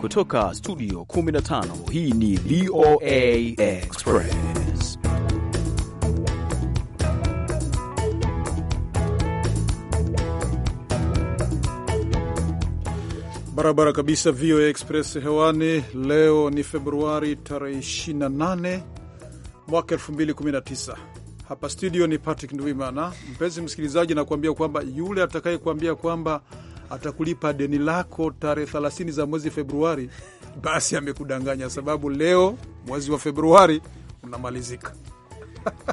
Kutoka studio 15 hii ni VOA Express. Barabara kabisa, VOA Express hewani. Leo ni Februari tarehe 28 mwaka 2019. Hapa studio ni Patrick Ndwimana. Mpenzi msikilizaji, nakuambia kwamba yule atakayekuambia kwamba atakulipa deni lako tarehe 30 za mwezi Februari, basi amekudanganya, sababu leo mwezi wa Februari unamalizika.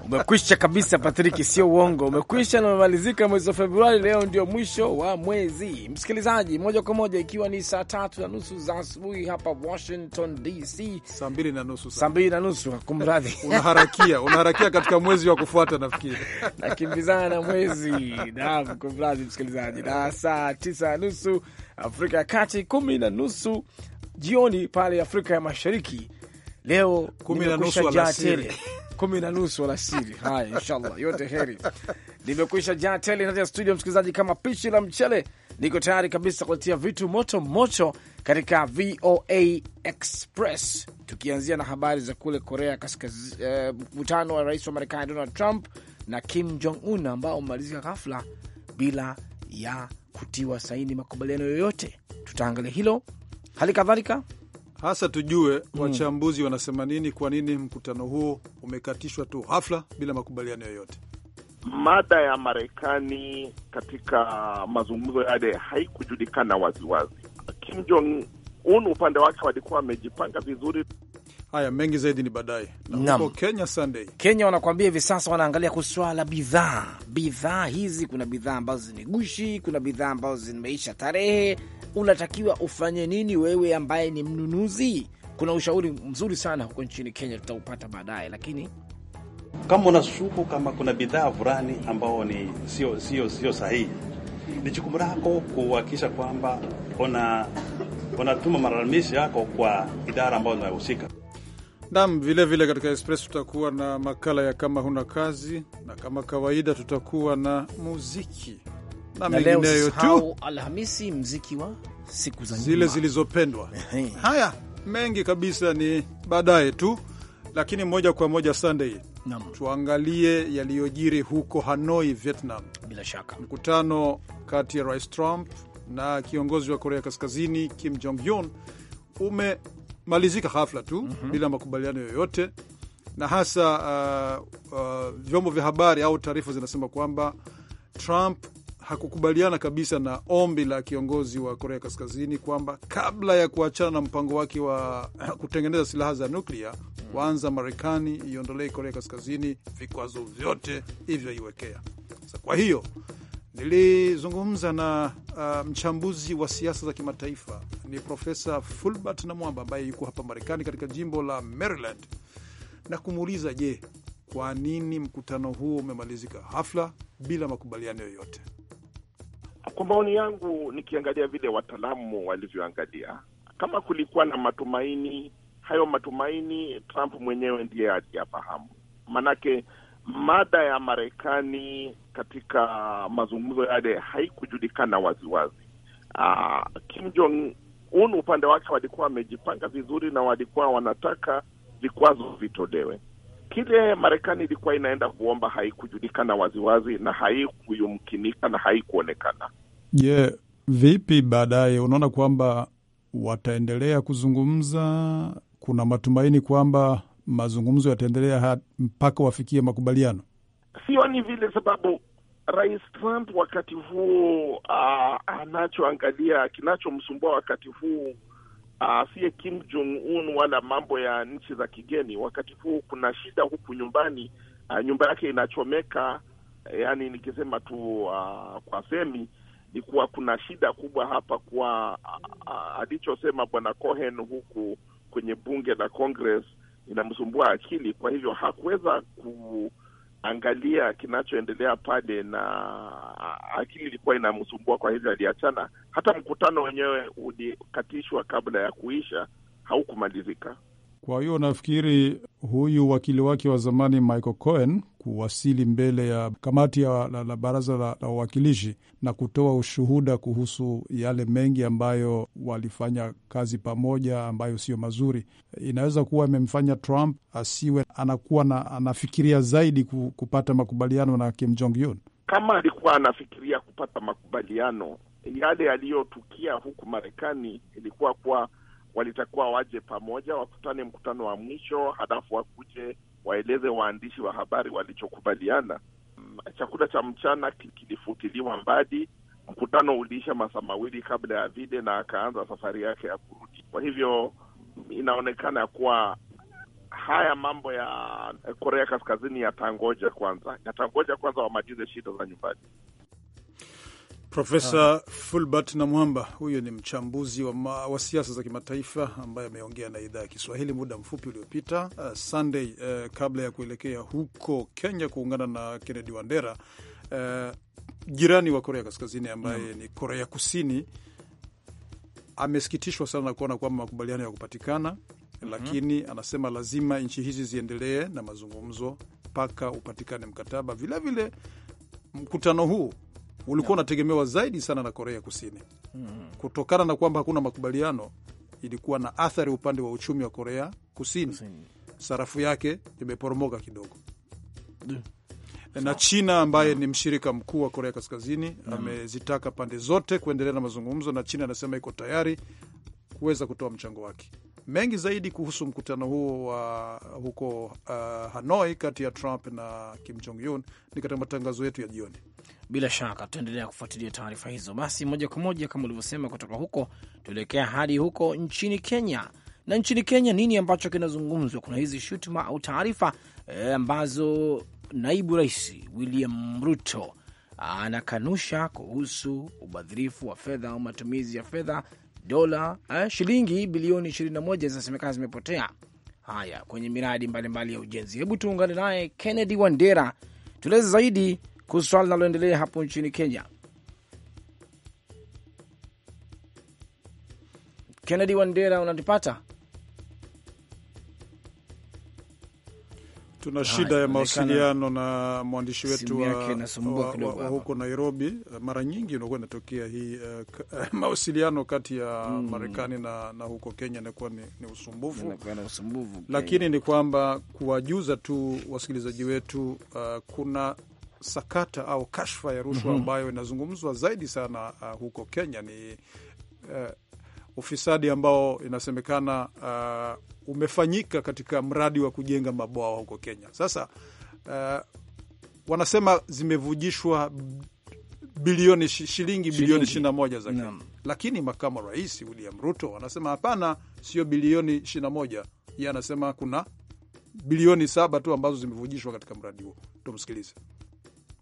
Umekwisha kabisa Patrick, sio uongo, umekwisha na umemalizika mwezi wa Februari. Leo ndio mwisho wa mwezi, msikilizaji, moja kwa moja, ikiwa ni saa tatu na nusu za asubuhi hapa Washington DC, saa mbili na nusu saa mbili na nusu kumradhi. Unaharakia, unaharakia katika mwezi wa kufuata, nafikiri nakimbizana na mwezi. nam, kumradhi msikilizaji, na saa tisa na nusu Afrika ya Kati, kumi na nusu jioni pale Afrika ya Mashariki. Leo kumi na nusu alasiri kumi na nusu alasiri. Haya, inshallah yote heri, nimekwisha jaa tele ndani ya studio, msikilizaji, kama pishi la mchele. Niko tayari kabisa kuletia vitu moto moto katika VOA Express, tukianzia na habari za kule Korea Kaskazini, eh, mkutano eh, wa rais wa Marekani Donald Trump na Kim Jong Un ambao umemalizika ghafla bila ya kutiwa saini makubaliano yoyote. Tutaangalia hilo hali kadhalika hasa tujue mm. wachambuzi wanasema nini, kwa nini mkutano huo umekatishwa tu ghafla bila makubaliano yoyote. Mada ya Marekani katika mazungumzo yale haikujulikana waziwazi. Kim Jong Un upande wake walikuwa wamejipanga vizuri. Haya, mengi zaidi ni baadaye. Na huko Kenya Sunday, Kenya wanakuambia hivi sasa wanaangalia kuswala bidhaa. Bidhaa hizi kuna bidhaa ambazo zimegushi kuna bidhaa ambazo zimeisha tarehe unatakiwa ufanye nini wewe ambaye ni mnunuzi. Kuna ushauri mzuri sana huko nchini Kenya, tutaupata baadaye, lakini kama unashuku kama kuna bidhaa fulani ambao ni sio sio sio sahihi, ni jukumu lako kuhakikisha kwamba una unatuma malalamishi yako kwa idara ambayo inahusika. Nam, vilevile katika Express tutakuwa na makala ya kama huna kazi, na kama kawaida tutakuwa na muziki na mengineyo tu. Alhamisi, mziki wa siku za nyuma, zile zilizopendwa. Haya mengi kabisa ni baadaye tu, lakini moja kwa moja Sunday Tuangalie yaliyojiri huko Hanoi, Vietnam. Bila shaka mkutano kati ya Rais Trump na kiongozi wa Korea Kaskazini Kim Jong Un umemalizika hafla tu mm -hmm. bila makubaliano yoyote, na hasa uh, uh, vyombo vya habari au taarifa zinasema kwamba Trump hakukubaliana kabisa na ombi la kiongozi wa Korea Kaskazini kwamba kabla ya kuachana na mpango wake wa kutengeneza silaha za nuklia, kwanza Marekani iondolee Korea Kaskazini vikwazo vyote hivyoiwekea. Kwa hiyo nilizungumza na uh, mchambuzi wa siasa za kimataifa ni Profesa Fulbert Namwamba ambaye yuko hapa Marekani katika jimbo la Maryland na kumuuliza, je, kwa nini mkutano huo umemalizika hafla bila makubaliano yoyote? Kwa maoni yangu, nikiangalia vile wataalamu walivyoangalia, kama kulikuwa na matumaini hayo, matumaini Trump mwenyewe ndiye aliyafahamu, manake mada ya Marekani katika mazungumzo yale haikujulikana waziwazi. Aa, ah, Kim Jong Un upande wake walikuwa wamejipanga vizuri na walikuwa wanataka vikwazo vitolewe. Kile Marekani ilikuwa inaenda kuomba haikujulikana waziwazi na haikuyumkinika na haikuonekana. Je, yeah, vipi baadaye? Unaona kwamba wataendelea kuzungumza? Kuna matumaini kwamba mazungumzo yataendelea mpaka wafikie makubaliano? Sioni vile, sababu Rais Trump wakati huu uh, anachoangalia kinachomsumbua wakati huu Ah, asiye Kim Jong Un wala mambo ya nchi za kigeni. Wakati huu kuna shida huku nyumbani, uh, nyumba yake inachomeka. Eh, yani nikisema tu uh, kwa semi ni kuwa kuna shida kubwa hapa kwa uh, alichosema bwana Cohen huku kwenye bunge la Congress inamsumbua akili, kwa hivyo hakuweza ku angalia kinachoendelea pale, na akili ilikuwa inamsumbua, kwa hivyo aliachana. Hata mkutano wenyewe ulikatishwa kabla ya kuisha, haukumalizika. Kwa hiyo nafikiri huyu wakili wake wa zamani Michael Cohen kuwasili mbele ya kamati ya la, la baraza la wawakilishi na kutoa ushuhuda kuhusu yale mengi ambayo walifanya kazi pamoja ambayo sio mazuri. Inaweza kuwa imemfanya Trump asiwe anakuwa na, anafikiria zaidi kupata makubaliano na Kim Jong Un. Kama alikuwa anafikiria kupata makubaliano, yale yaliyotukia huku Marekani ilikuwa kuwa walitakuwa waje pamoja, wakutane mkutano wa mwisho, halafu wakuje waeleze waandishi wa habari walichokubaliana. Mm, chakula cha mchana kilifutiliwa mbali. Mkutano uliisha masaa mawili kabla ya vile, na akaanza safari yake ya kurudi. Kwa hivyo mm, inaonekana ya kuwa haya mambo ya Korea Kaskazini yatangoja kwanza, yatangoja kwanza wamalize shida za nyumbani. Profesa Fulbert Namwamba huyu ni mchambuzi wa, wa siasa za kimataifa ambaye ameongea na idhaa ya Kiswahili muda mfupi uliopita uh, Sunday uh, kabla ya kuelekea huko Kenya kuungana na Kennedy Wandera uh, jirani wa Korea Kaskazini ambaye mm, ni Korea Kusini amesikitishwa sana kuona kwamba makubaliano ya kupatikana mm -hmm. Lakini anasema lazima nchi hizi ziendelee na mazungumzo mpaka upatikane mkataba. Vilevile vile, mkutano huu ulikuwa unategemewa zaidi sana na Korea Kusini mm. kutokana na kwamba hakuna makubaliano, ilikuwa na athari upande wa uchumi wa Korea Kusini, Kusini. Sarafu yake imeporomoka kidogo mm. na China ambaye mm. ni mshirika mkuu wa Korea Kaskazini mm. amezitaka pande zote kuendelea na mazungumzo, na China anasema iko tayari kuweza kutoa mchango wake. Mengi zaidi kuhusu mkutano huo wa uh, huko uh, Hanoi kati ya Trump na Kim Jong Un ni katika matangazo yetu ya jioni. Bila shaka tutaendelea kufuatilia taarifa hizo. Basi moja kwa moja, kama ulivyosema, kutoka huko tuelekea hadi huko nchini Kenya. Na nchini Kenya, nini ambacho kinazungumzwa? Kuna hizi shutuma au taarifa eh, ambazo naibu rais William Ruto anakanusha kuhusu ubadhirifu wa fedha au matumizi ya fedha dola eh, shilingi bilioni 21 zinasemekana zimepotea. Haya, kwenye miradi mbalimbali mbali ya ujenzi. Hebu tuungane naye Kennedy Wandera, tueleze zaidi kuhusu swala linaloendelea hapo nchini Kenya. Kennedy Wandera, unatupata? Tuna shida ya mawasiliano na mwandishi wetu wa, wa, wa, wa huko Nairobi. Mara nyingi unakuwa inatokea hii uh, mawasiliano kati ya mm, Marekani na, na huko Kenya inakuwa ni, ni usumbufu, usumbufu lakini ni kwamba kuwajuza tu wasikilizaji wetu uh, kuna sakata au kashfa ya rushwa mhm. ambayo mm -hmm. inazungumzwa zaidi sana uh, huko Kenya ni uh, ufisadi ambao inasemekana uh, umefanyika katika mradi wa kujenga mabwawa huko Kenya. Sasa uh, wanasema zimevujishwa bilioni shilingi bilioni ishirini na moja za Kenya, lakini makamu rais William Ruto anasema hapana, sio bilioni ishirini na moja Ye anasema kuna bilioni saba tu ambazo zimevujishwa katika mradi huo. Tumsikilize.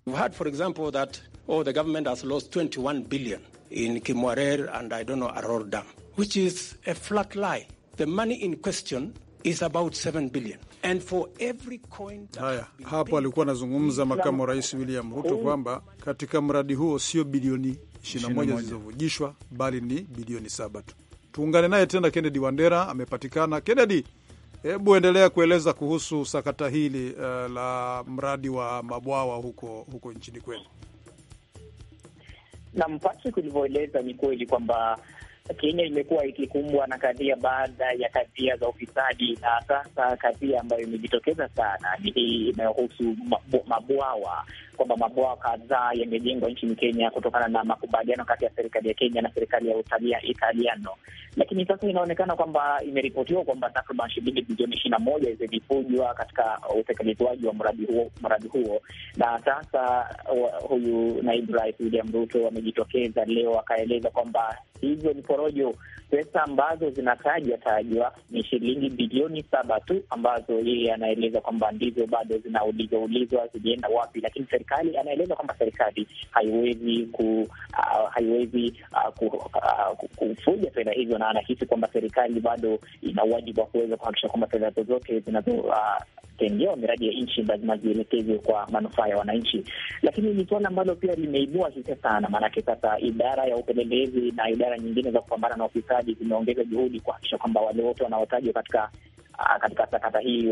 We've heard for example that oh the government has lost 21 billion in Kimwarer and I don't know Aror Dam which is a flat lie. The money in question is about 7 billion. And for every coin that haya hapo alikuwa anazungumza makamu wa rais William Ruto oh. kwamba katika mradi huo sio bilioni 21 zilizovujishwa bali ni bilioni saba tu. Tuungane naye tena Kennedy Wandera amepatikana. Kennedy, hebu endelea kueleza kuhusu sakata hili uh, la mradi wa mabwawa huko, huko nchini kwenu. Naam, Patrick, ulivyoeleza ni kweli kwamba Kenya imekuwa ikikumbwa na kadhia baada ya kadhia za ufisadi, na sasa kadhia ambayo imejitokeza sana ni hii inayohusu mabwawa kwamba mabwawa kadhaa yamejengwa nchini Kenya kutokana na makubaliano kati ya serikali ya Kenya na serikali ya Utalia Italiano. Lakini sasa inaonekana kwamba imeripotiwa kwamba takriban shilingi bilioni ishirini na moja zilifujwa katika utekelezwaji wa mradi huo, mradi huo. Na sasa uh, huyu naibu rais William Ruto amejitokeza leo akaeleza kwamba hivyo ni porojo pesa ambazo zinatajwa tajwa ni shilingi bilioni saba tu ambazo yeye anaeleza kwamba ndizo bado zinaulizwaulizwa zilienda wapi, lakini serikali anaeleza kwamba serikali haiwezi ku, uh, haiwezi uh, ku, uh, kufuja fedha hizo, na anahisi kwamba serikali bado ina wajibu wa kuweza kuhakikisha kwamba fedha zozote zinazo uh, kutengewa miradi ya nchi lazima zielekezwe kwa manufaa ya wananchi, lakini ni suala ambalo pia limeibua hisia sana, maanake sasa idara ya upelelezi na idara nyingine za kupambana na ufisadi zimeongeza juhudi kuhakikisha kwamba wale wote wanaotajwa katika ah, katika sakata hii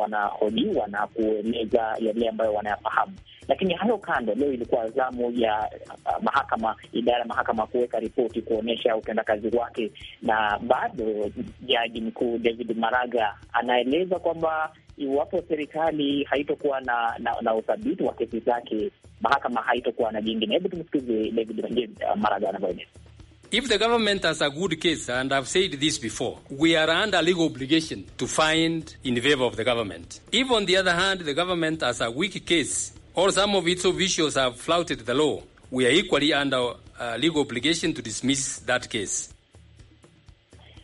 wanahojiwa wana na kueleza yale ambayo wanayafahamu. Lakini hayo kando, leo ilikuwa zamu ya uh, mahakama, idara ya mahakama kuweka ripoti kuonyesha utendakazi wake, na bado jaji mkuu David Maraga anaeleza kwamba iwapo serikali haitokuwa na, na, na uthabiti wa kesi zake, mahakama haitokuwa na jingine. Hebu tumsikize David uh, Maraga anavyoeleza. If the government has a good case, and I've said this before, we are under legal obligation to find in favor of the government. If on the other hand, the government has a weak case, or some of its officials have flouted the law, we are equally under uh, legal obligation to dismiss that case.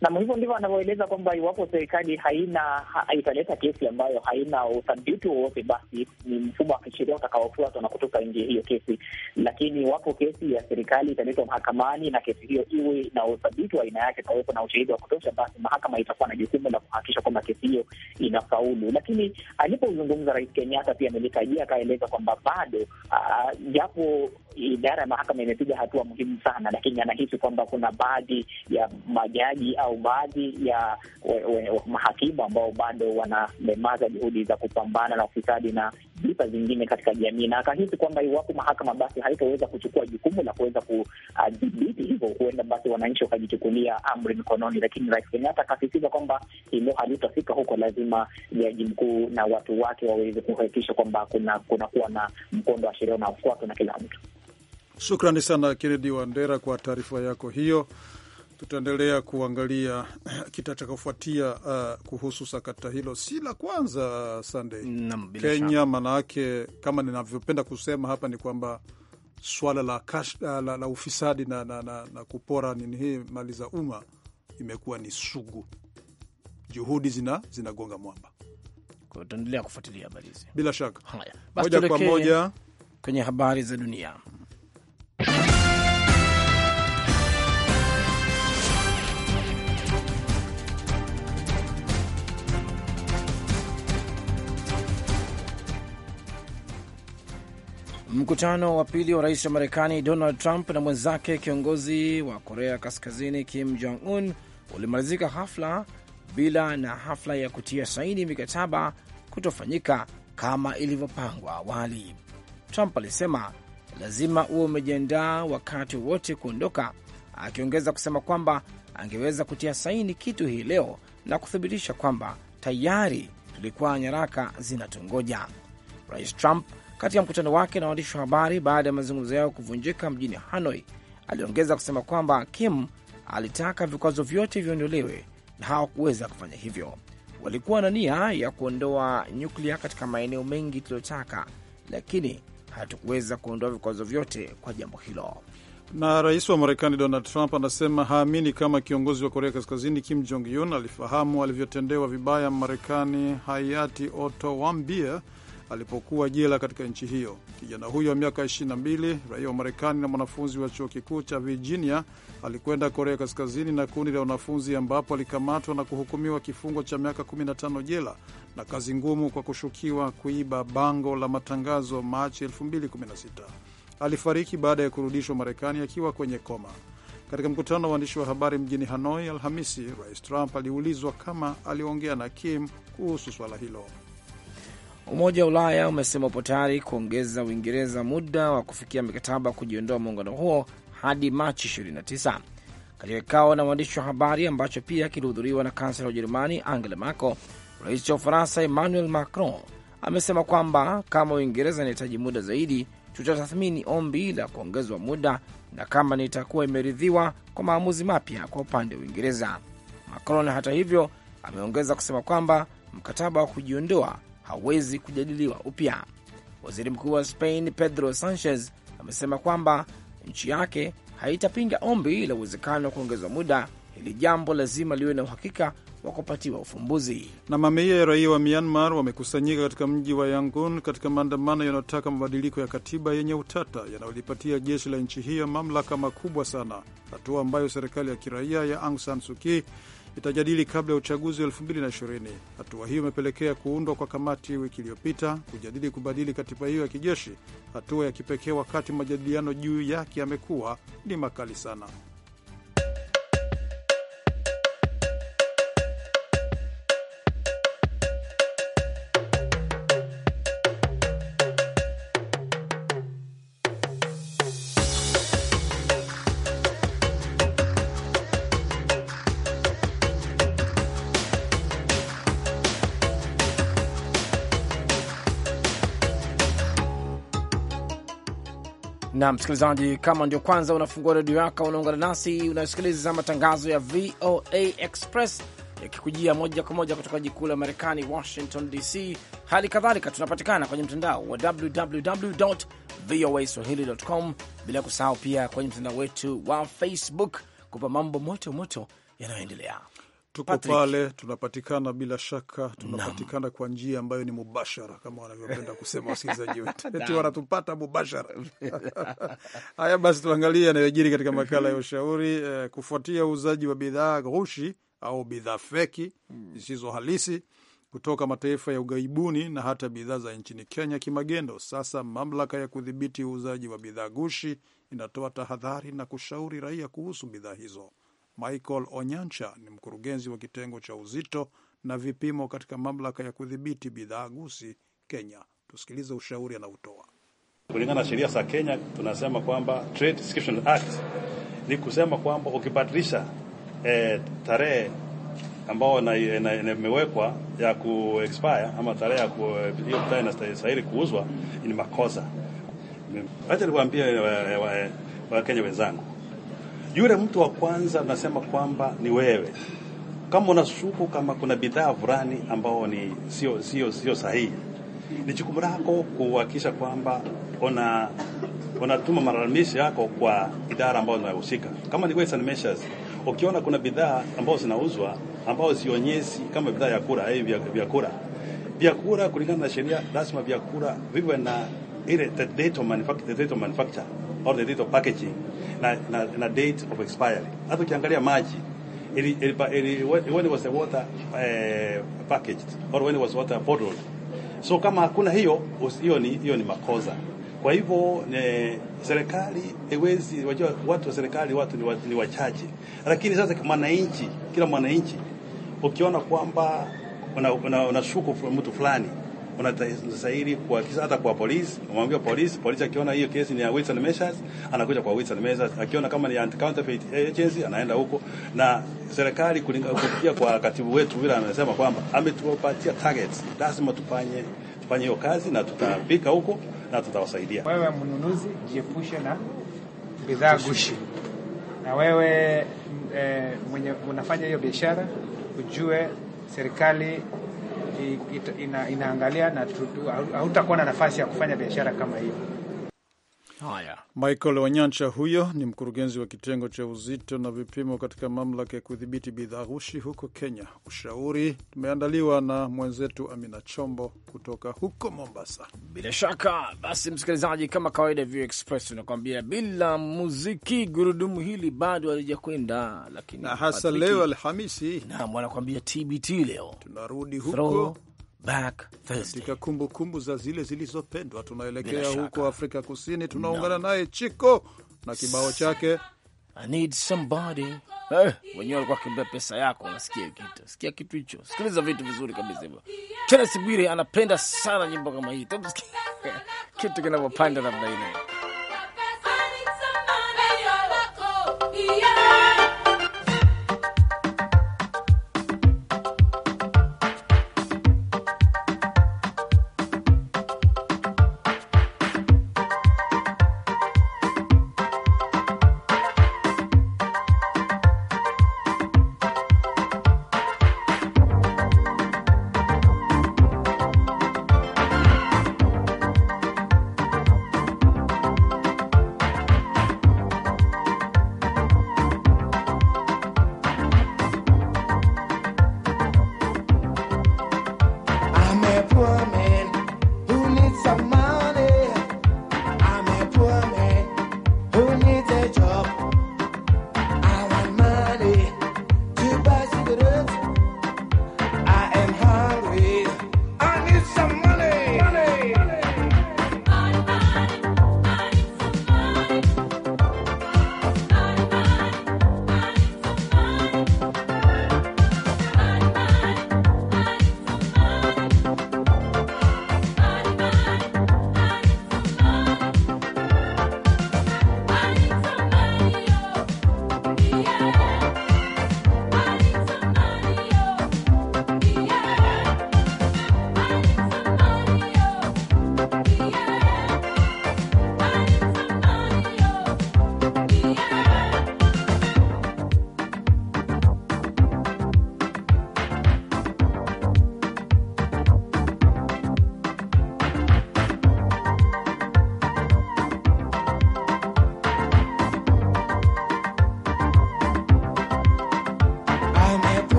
Nam, hivyo ndivyo anavyoeleza kwamba iwapo serikali haina ha, italeta kesi ambayo haina uthabiti wowote, basi ni mfumo wa kisheria utakaofuatwa na kutoka nje hiyo kesi. Lakini iwapo kesi ya serikali italetwa mahakamani na kesi hiyo iwe na uthabiti wa aina yake, ikawepo na ushahidi wa kutosha, basi mahakama itakuwa na jukumu la kuhakikisha kwamba kesi hiyo inafaulu. Lakini alipozungumza Rais Kenyatta pia amelitajia akaeleza kwamba bado japo idara ya mahakama imepiga hatua muhimu sana, lakini anahisi kwamba kuna baadhi ya majaji au au baadhi ya we, we, mahakimu ambao bado wanalemaza juhudi za kupambana na ufisadi na vipa zingine katika jamii, na akahisi kwamba iwapo mahakama basi haitoweza kuchukua jukumu la kuweza kudhibiti hivo hivyo, huenda basi wananchi wakajichukulia amri mikononi. Lakini Rais Kenyatta akasisitiza kwamba hilo halitafika huko, lazima jaji mkuu na watu wake waweze kuhakikisha kwamba kuna kunakuwa na mkondo wa sheria unaofuatwa na kila mtu. Shukrani sana Kennedy Wandera kwa taarifa yako hiyo tutaendelea kuangalia kitachakafuatia uh, kuhusu sakata hilo, si la kwanza Sunday Kenya. kama ninavyopenda kusema hapa ni kwamba swala la, kash, la, la ufisadi na, na, na, na kupora nini hii mali za umma imekuwa ni sugu, juhudi zina zinagonga mwamba. Tutaendelea kufuatilia habari hizi bila shaka. moja kwa moja kwenye habari za dunia. Mkutano wa pili wa rais wa Marekani Donald Trump na mwenzake kiongozi wa Korea Kaskazini Kim Jong Un ulimalizika hafla bila na hafla ya kutia saini mikataba kutofanyika kama ilivyopangwa awali. Trump alisema lazima uwe umejiandaa wakati wote kuondoka, akiongeza kusema kwamba angeweza kutia saini kitu hii leo na kuthibitisha kwamba tayari tulikuwa nyaraka zinatungoja. Rais Trump kati ya mkutano wake na waandishi wa habari baada ya mazungumzo yao kuvunjika mjini Hanoi. Aliongeza kusema kwamba Kim alitaka vikwazo vyote viondolewe na hawakuweza kufanya hivyo. Walikuwa na nia ya kuondoa nyuklia katika maeneo mengi tuliyotaka, lakini hatukuweza kuondoa vikwazo vyote kwa jambo hilo. Na rais wa Marekani Donald Trump anasema haamini kama kiongozi wa Korea Kaskazini Kim Jong Un alifahamu alivyotendewa vibaya Marekani hayati Otto Warmbier alipokuwa jela katika nchi hiyo. Kijana huyo wa miaka 22, raia wa Marekani na mwanafunzi wa chuo kikuu cha Virginia, alikwenda Korea Kaskazini na kundi la wanafunzi, ambapo alikamatwa na kuhukumiwa kifungo cha miaka 15 jela na kazi ngumu kwa kushukiwa kuiba bango la matangazo Machi 2016. Alifariki baada ya kurudishwa Marekani akiwa kwenye koma. Katika mkutano wa waandishi wa habari mjini Hanoi Alhamisi, Rais Trump aliulizwa kama aliongea na Kim kuhusu swala hilo. Umoja wa Ulaya umesema upo tayari kuongeza Uingereza muda wa kufikia mikataba kujiondoa muungano huo hadi Machi 29. Katika kikao na waandishi wa habari ambacho pia kilihudhuriwa na kansela wa Ujerumani Angela Merkel, rais wa Ufaransa Emmanuel Macron amesema kwamba kama Uingereza inahitaji muda zaidi, tutatathmini ombi la kuongezwa muda na kama nitakuwa imeridhiwa kwa maamuzi mapya kwa upande wa Uingereza. Macron hata hivyo ameongeza kusema kwamba mkataba wa kujiondoa hauwezi kujadiliwa upya. Waziri mkuu wa Spain Pedro Sanchez amesema kwamba nchi yake haitapinga ombi la uwezekano wa kuongezwa muda. Hili jambo lazima liwe na uhakika wa kupatiwa ufumbuzi. Na mamia ya raia wa Myanmar wamekusanyika katika mji wa Yangon katika maandamano yanayotaka mabadiliko ya katiba yenye utata yanayolipatia jeshi la nchi hiyo mamlaka makubwa sana, hatua ambayo serikali ya kiraia ya Aung San Suu Kyi itajadili kabla ya uchaguzi wa 2020. Hatua hiyo imepelekea kuundwa kwa kamati wiki iliyopita kujadili kubadili katiba hiyo ya kijeshi, hatua ya kipekee wakati majadiliano juu yake yamekuwa ni makali sana. na msikilizaji, kama ndio kwanza unafungua redio yako, unaungana nasi, unasikiliza matangazo ya VOA Express yakikujia moja kwa moja kutoka jikuu la Marekani, Washington DC. Hali kadhalika tunapatikana kwenye mtandao wa www voa swahili.com, bila kusahau pia kwenye mtandao wetu wa Facebook kupa mambo moto moto yanayoendelea tuko Patrick. Pale tunapatikana bila shaka, tunapatikana kwa njia ambayo ni mubashara kama wanavyopenda kusema wasikilizaji wetu, eti wanatupata mubashara. Haya basi, tuangalie yanayojiri katika makala ya ushauri eh, kufuatia uuzaji wa bidhaa ghushi au bidhaa feki hmm. zisizo halisi kutoka mataifa ya ughaibuni na hata bidhaa za nchini Kenya kimagendo. Sasa mamlaka ya kudhibiti uuzaji wa bidhaa gushi inatoa tahadhari na kushauri raia kuhusu bidhaa hizo. Michael Onyancha ni mkurugenzi wa kitengo cha uzito na vipimo katika mamlaka ya kudhibiti bidhaa gusi Kenya. Tusikilize ushauri anaotoa. Kulingana na sheria za Kenya tunasema kwamba Trade Description Act ni kusema kwamba ukibadilisha eh, tarehe ambayo imewekwa ya ku expire ama tarehe hiyo bidhaa inastahili kuuzwa ni makosa. Acha niwaambie eh, Wakenya eh, wenzangu yule mtu wa kwanza nasema kwamba ni wewe, kama unashuku kama kuna bidhaa fulani ambao ni sio sio sio sahihi, ni jukumu lako kuhakikisha kwamba una unatuma malalamishi yako kwa idara ambayo inahusika, kama ni waste and measures. Ukiona kuna bidhaa ambazo zinauzwa ambao zionyesi kama bidhaa ya kura hivi eh, vyakula vyakula, kulingana na sheria lazima vyakula viwe na ile the date of manufacture, the date of manufacture or the date of packaging na, na, na date of expiry. Hata ukiangalia maji ili, ili, ili, when it was the water uh, packaged or when it was water bottled. So kama hakuna hiyo hiyo ni, hiyo ni makosa. Kwa hivyo serikali haiwezi, wajua watu wa serikali watu ni, wa, ni wachache, lakini sasa mwananchi, kila mwananchi ukiona kwamba unashuku una, una mtu fulani unastahili kuagiza hata kwa polisi, unamwambia polisi, polisi akiona hiyo kesi ni ya Wilson Measures, anakuja kwa Wilson Measures, akiona kama ni anti counterfeit agency anaenda huko. Na serikali kupitia kwa katibu wetu vile amesema kwamba ametupatia targets, lazima tufanye tufanye hiyo kazi na tutapika huko na tutawasaidia. Wewe mnunuzi, jiepushe na bidhaa gushi, na wewe e, mwenye unafanya hiyo biashara ujue serikali ina, inaangalia na hautakuwa na nafasi ya kufanya biashara kama hiyo. Haya, Michael Wanyancha huyo ni mkurugenzi wa kitengo cha uzito na vipimo katika mamlaka ya kudhibiti bidhaa ghushi huko Kenya. Ushauri tumeandaliwa na mwenzetu Amina Chombo kutoka huko Mombasa. Bila shaka basi, msikilizaji, kama kawaida, View Express unakuambia bila muziki gurudumu hili bado halijakwenda, lakini na hasa leo Alhamisi, naam, wanakuambia TBT leo tunarudi huko Back katika kumbukumbu za zile zilizopendwa, tunaelekea huko Afrika Kusini, tunaungana no. naye Chiko na kibao chake I need somebody. Eh, wenyewe walikuwa kimbia pesa yako, Nasikia kitu. Sikia kitu hicho. Sikiliza vitu vizuri kabisa hivyo. Kenneth Bwire anapenda sana nyimbo kama hii. Kitu kinavyopanda namna ile.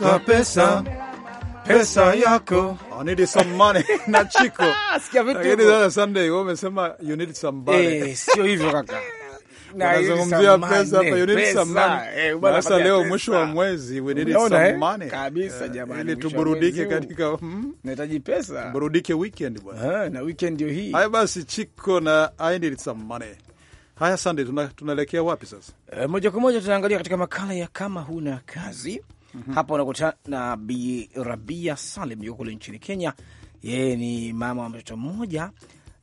Nataka pesa pesa yako I need some money na Chiko. Ah, sikia vitu Sunday wewe umesema you need some money. Eh, sio hivyo kaka. Nazungumzia pesa hapa, you need some money. Eh, sasa leo mwisho wa mwezi we need some eh? money. Kabisa eh, jamani. Ili tuburudike katika hmm? nahitaji pesa. Burudike weekend bwana. eh na weekend ndio hii. Haya basi Chiko na I need some money. Haya Sunday tunaelekea tuna wapi sasa? E, Moja kwa moja tunaangalia katika makala ya kama huna kazi -hmm. Hapo unakutana na Bi Rabia Salim, yuko kule nchini Kenya. Yeye ni mama wa mtoto mmoja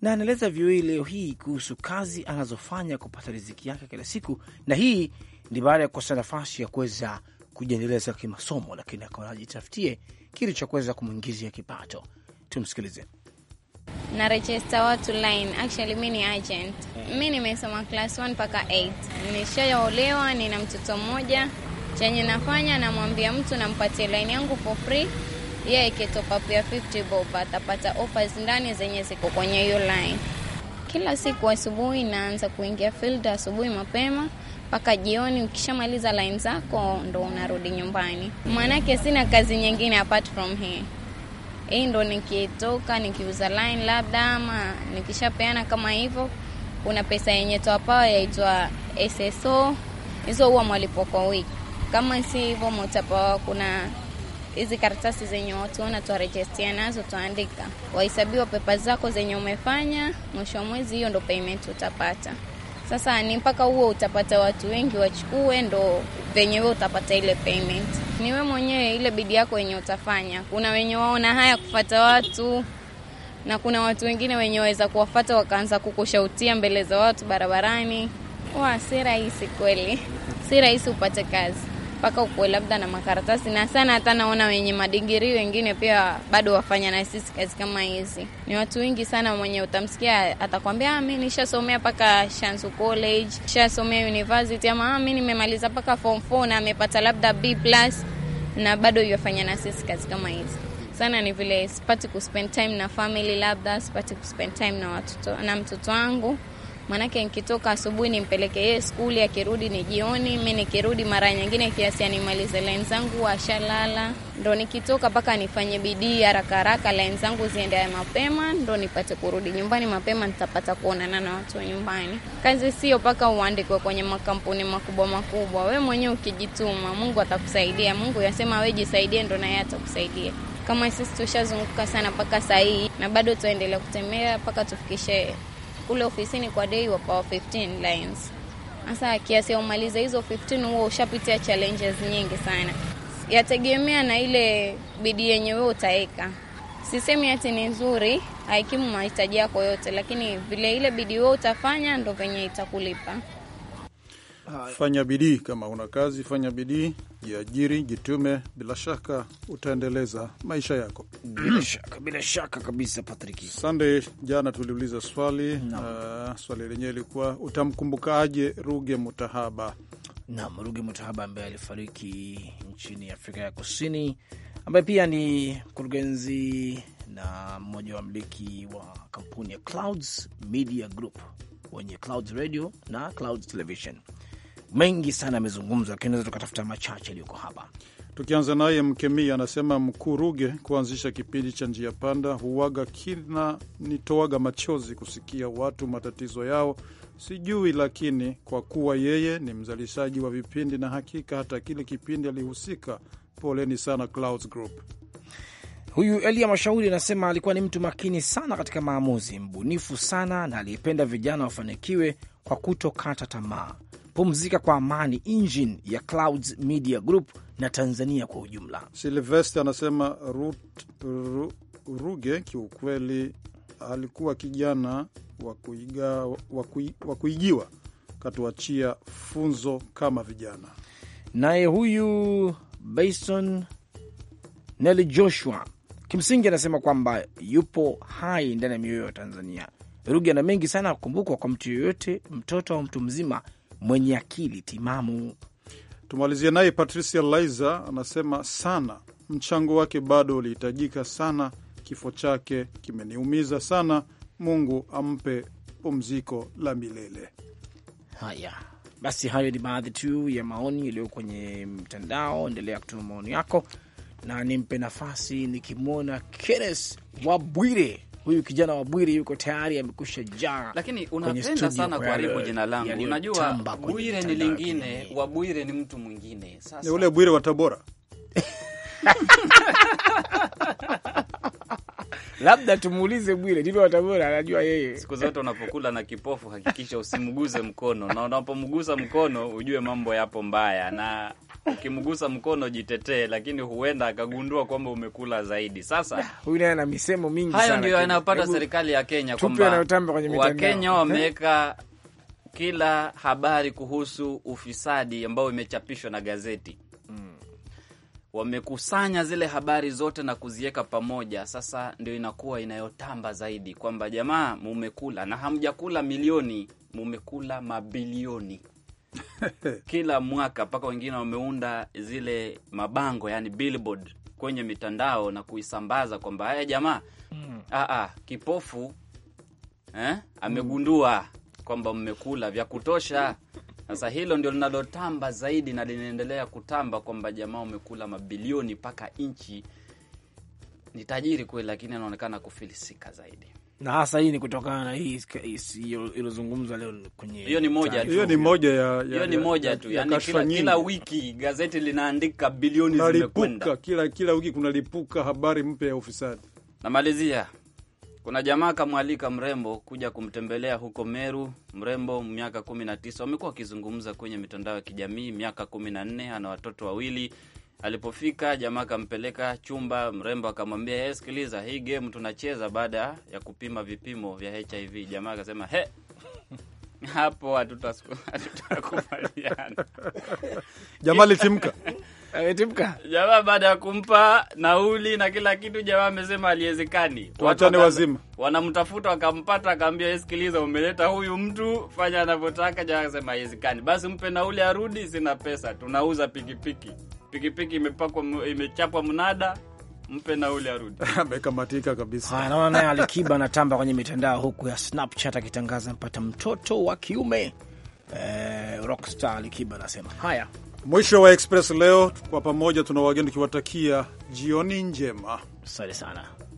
na anaeleza vioi leo hii kuhusu kazi anazofanya kupata riziki yake kila siku, na hii ni baada ya kukosa nafasi ya kuweza kujiendeleza kimasomo, lakini akaona ajitafutie kile cha kuweza kumwingizia kipato. Tumsikilize. na watu line, actually mi ni agent. Eh. Mi nimesoma class 1 mpaka 8 nishaolewa, nina mtoto mmoja chenye nafanya namwambia mtu nampatie line yangu for free, yeye ikitoka pia 50 bob atapata offers ndani zenye ziko kwenye hiyo line. Kila siku asubuhi naanza kuingia field asubuhi mapema mpaka jioni. Ukishamaliza line zako ndo unarudi nyumbani, maanake sina kazi nyingine apart from here hii ndo nikitoka nikiuza line labda, ama nikishapeana kama hivyo, kuna pesa yenye toa pawa yaitwa SSO, hizo huwa mwalipo kwa wiki. Kama si hivyo, mutapawa kuna hizi karatasi zenye watu watuona twarejestia nazo twaandika, wahesabiwa pepa zako zenye umefanya mwisho wa mwezi, hiyo ndo payment utapata. Sasa ni mpaka huo utapata watu wengi wachukue, ndo venye wewe utapata ile payment. Ni wewe mwenyewe ile bidi yako yenye utafanya. Kuna wenye waona haya kufata watu na kuna watu wengine wenye waweza kuwafata wakaanza kukushautia mbele za watu barabarani. Wa, si rahisi kweli, si rahisi upate kazi mpaka ukuwe labda na makaratasi, na sana hata naona wenye madigiri wengine pia bado wafanya na sisi kazi kama hizi. Ni watu wengi sana, mwenye utamsikia atakwambia ah, mi nishasomea mpaka Shanzu College, nishasomea university, ama ah, mi nimemaliza mpaka form four na amepata labda B plus na bado yuwafanya na sisi kazi kama hizi sana ni vile sipati kuspend time na family, labda sipati kuspend time na watoto na mtoto wangu. Manake nkitoka asubuhi nimpeleke yeye skuli, akirudi ni jioni, mi nikirudi mara nyingine kiasi animalize laini zangu ashalala, ndo nikitoka mpaka nifanye bidii haraka haraka laini zangu ziende mapema, ndo nipate kurudi nyumbani mapema, nitapata kuonana na watu wa nyumbani. Kazi sio mpaka uandikwe kwenye makampuni makubwa makubwa, we mwenyewe ukijituma, Mungu atakusaidia. Mungu yasema we jisaidie, ndo naye atakusaidia. Kama sisi tushazunguka sana mpaka saa hii, na bado tuendelea kutembea mpaka tufikishe kule ofisini kwa day wa power 15 lines. Sasa kiasi ya umaliza hizo 15 huo ushapitia challenges nyingi sana, yategemea na ile bidii yenye wewe utaweka. Sisemi ati ni nzuri, haikimu mahitaji yako yote, lakini vile ile bidii wewe utafanya ndo venye itakulipa. Fanya bidii, kama una kazi fanya bidii, jiajiri, jitume, bila shaka utaendeleza maisha yako. Bila shaka, bila shaka kabisa. Patrick Sunday, jana tuliuliza swali no. Uh, swali lenyewe ilikuwa utamkumbukaje Ruge Mutahaba? Naam, Ruge Mutahaba ambaye alifariki nchini Afrika ya Kusini, ambaye pia ni mkurugenzi na mmoja wa miliki wa kampuni ya Clouds Media Group wenye Clouds Radio na Clouds Television mengi sana yamezungumzwa, lakini naweza tukatafuta machache yaliyoko hapa. Tukianza naye mkemia anasema mkuu ruge kuanzisha kipindi cha njia panda huwaga kina nitoaga machozi kusikia watu matatizo yao sijui, lakini kwa kuwa yeye ni mzalishaji wa vipindi na hakika hata kile kipindi alihusika. Poleni sana Clouds Group. Huyu Elia Mashauri anasema alikuwa ni mtu makini sana katika maamuzi, mbunifu sana na aliyependa vijana wafanikiwe kwa kutokata tamaa pumzika kwa amani, engine ya Clouds Media Group na Tanzania kwa ujumla. Silvester anasema Rut, Ru, Ruge kiukweli alikuwa kijana wa kuigiwa, katuachia funzo kama vijana. Naye huyu Bason Neli Joshua kimsingi anasema kwamba yupo hai ndani ya mioyo ya Tanzania. Ruge ana mengi sana ya kukumbukwa kwa mtu yoyote, mtoto au mtu mzima mwenye akili timamu. Tumalizia naye Patricia Laiza anasema sana, mchango wake bado ulihitajika sana. Kifo chake kimeniumiza sana. Mungu ampe pumziko la milele. Haya basi, hayo ni baadhi tu ya maoni yaliyo kwenye mtandao. Endelea kutuma maoni yako na nimpe nafasi nikimwona Kenes Wabwire huyu kijana wa Bwiri yuko tayari amekusha jaa. Lakini unapenda sana kuharibu jina langu. Unajua Bwire ni lingine, wa Bwire ni mtu mwingine. Sasa ni ule Bwire wa Tabora labda tumuulize Bwire, ndivyo Watabora anajua yeye. Siku zote unapokula na kipofu hakikisha usimguze mkono, na unapomgusa mkono ujue mambo yapo mbaya, na ukimgusa mkono jitetee, lakini huenda akagundua kwamba umekula zaidi. Sasa ah, huyu naye ana misemo mingi sana. Hayo ndio yanayopata serikali ya Kenya kwamba Wakenya eh? wameweka kila habari kuhusu ufisadi ambayo imechapishwa na gazeti wamekusanya zile habari zote na kuziweka pamoja. Sasa ndio inakuwa inayotamba zaidi kwamba jamaa, mumekula na hamjakula milioni, mumekula mabilioni kila mwaka, mpaka wengine wameunda zile mabango, yani billboard kwenye mitandao na kuisambaza kwamba haya jamaa, mm. aa, ah, ah, kipofu eh, amegundua kwamba mmekula vya kutosha sasa hilo ndio linalotamba zaidi na linaendelea kutamba kwamba jamaa umekula mabilioni mpaka nchi ni tajiri kweli, lakini anaonekana kufilisika zaidi na hasa hii ni kutokana na hii iliyozungumzwa leo kwenye. Hiyo ni moja tu, hiyo ni moja ya, ya, hiyo ni moja tu, yani kila, kila wiki gazeti linaandika bilioni zimekwenda, kila kila wiki lipuka habari mpya ya ufisadi. Namalizia kuna jamaa kamwalika mrembo kuja kumtembelea huko Meru. Mrembo miaka kumi na tisa, wamekuwa wakizungumza kwenye mitandao ya kijamii. Miaka kumi na nne, ana watoto wawili. Alipofika jamaa akampeleka chumba, mrembo akamwambia hey, eh, sikiliza hii game tunacheza baada ya kupima vipimo vya HIV. Jamaa akasema he, hapo hatutakubaliana. Jamaa alitimka Ametimka jamaa, baada ya kumpa nauli na kila kitu, jamaa amesema aliwezekani, watu ni wazima, wanamtafuta wakampata, akaambia sikiliza, umeleta huyu mtu, fanya anavyotaka. Jamaa akasema haiwezekani, basi mpe nauli arudi, sina pesa, tunauza pikipiki. Pikipiki imepakwa imechapwa mnada mpe nauli arudi. Amekamatika kabisa. Naona naye Alikiba anatamba kwenye mitandao huku ya Snapchat akitangaza mpata mtoto wa kiume. Eh, rockstar Alikiba anasema haya Mwisho wa Express leo, kwa pamoja tuna wageni tukiwatakia jioni njema. Asante sana.